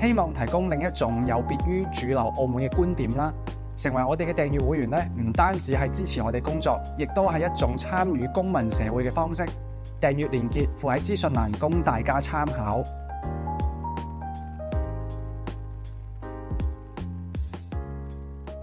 希望提供另一種有別於主流澳門嘅觀點啦，成為我哋嘅訂閱會員咧，唔單止係支持我哋工作，亦都係一種參與公民社會嘅方式。訂閱連結附喺資訊欄，供大家參考。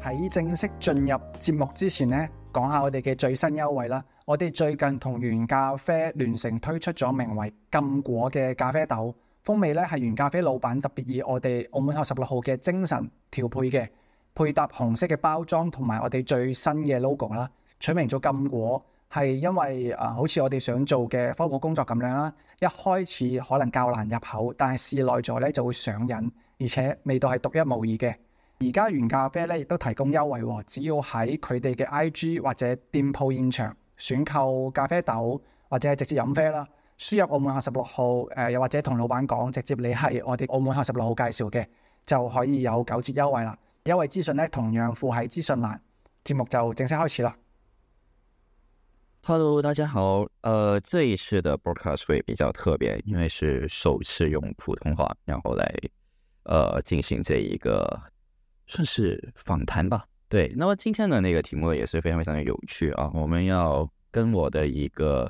喺正式進入節目之前咧，講下我哋嘅最新優惠啦。我哋最近同原咖啡聯成推出咗名為禁果嘅咖啡豆。風味咧係原咖啡老闆特別以我哋澳門學十六號嘅精神調配嘅，配搭紅色嘅包裝同埋我哋最新嘅 logo 啦。取名做禁果，係因為誒、呃、好似我哋想做嘅科普工作咁樣啦。一開始可能較難入口，但係試耐咗咧就會上癮，而且味道係獨一無二嘅。而家原咖啡咧亦都提供優惠喎、哦，只要喺佢哋嘅 IG 或者店鋪現場選購咖啡豆，或者係直接飲啡啦。輸入澳門學十六號，誒、呃，又或者同老闆講，直接你係我哋澳門學十六號介紹嘅，就可以有九折優惠啦。優惠資訊呢，同樣附喺資訊欄。節目就正式開始啦。Hello，大家好，誒、呃，這一次的 broadcast 會比較特別，因為是首次用普通話，然後來，誒、呃，進行這一個，算是訪談吧。對，那麼今天的那個題目也是非常非常的有趣啊。我們要跟我的一個。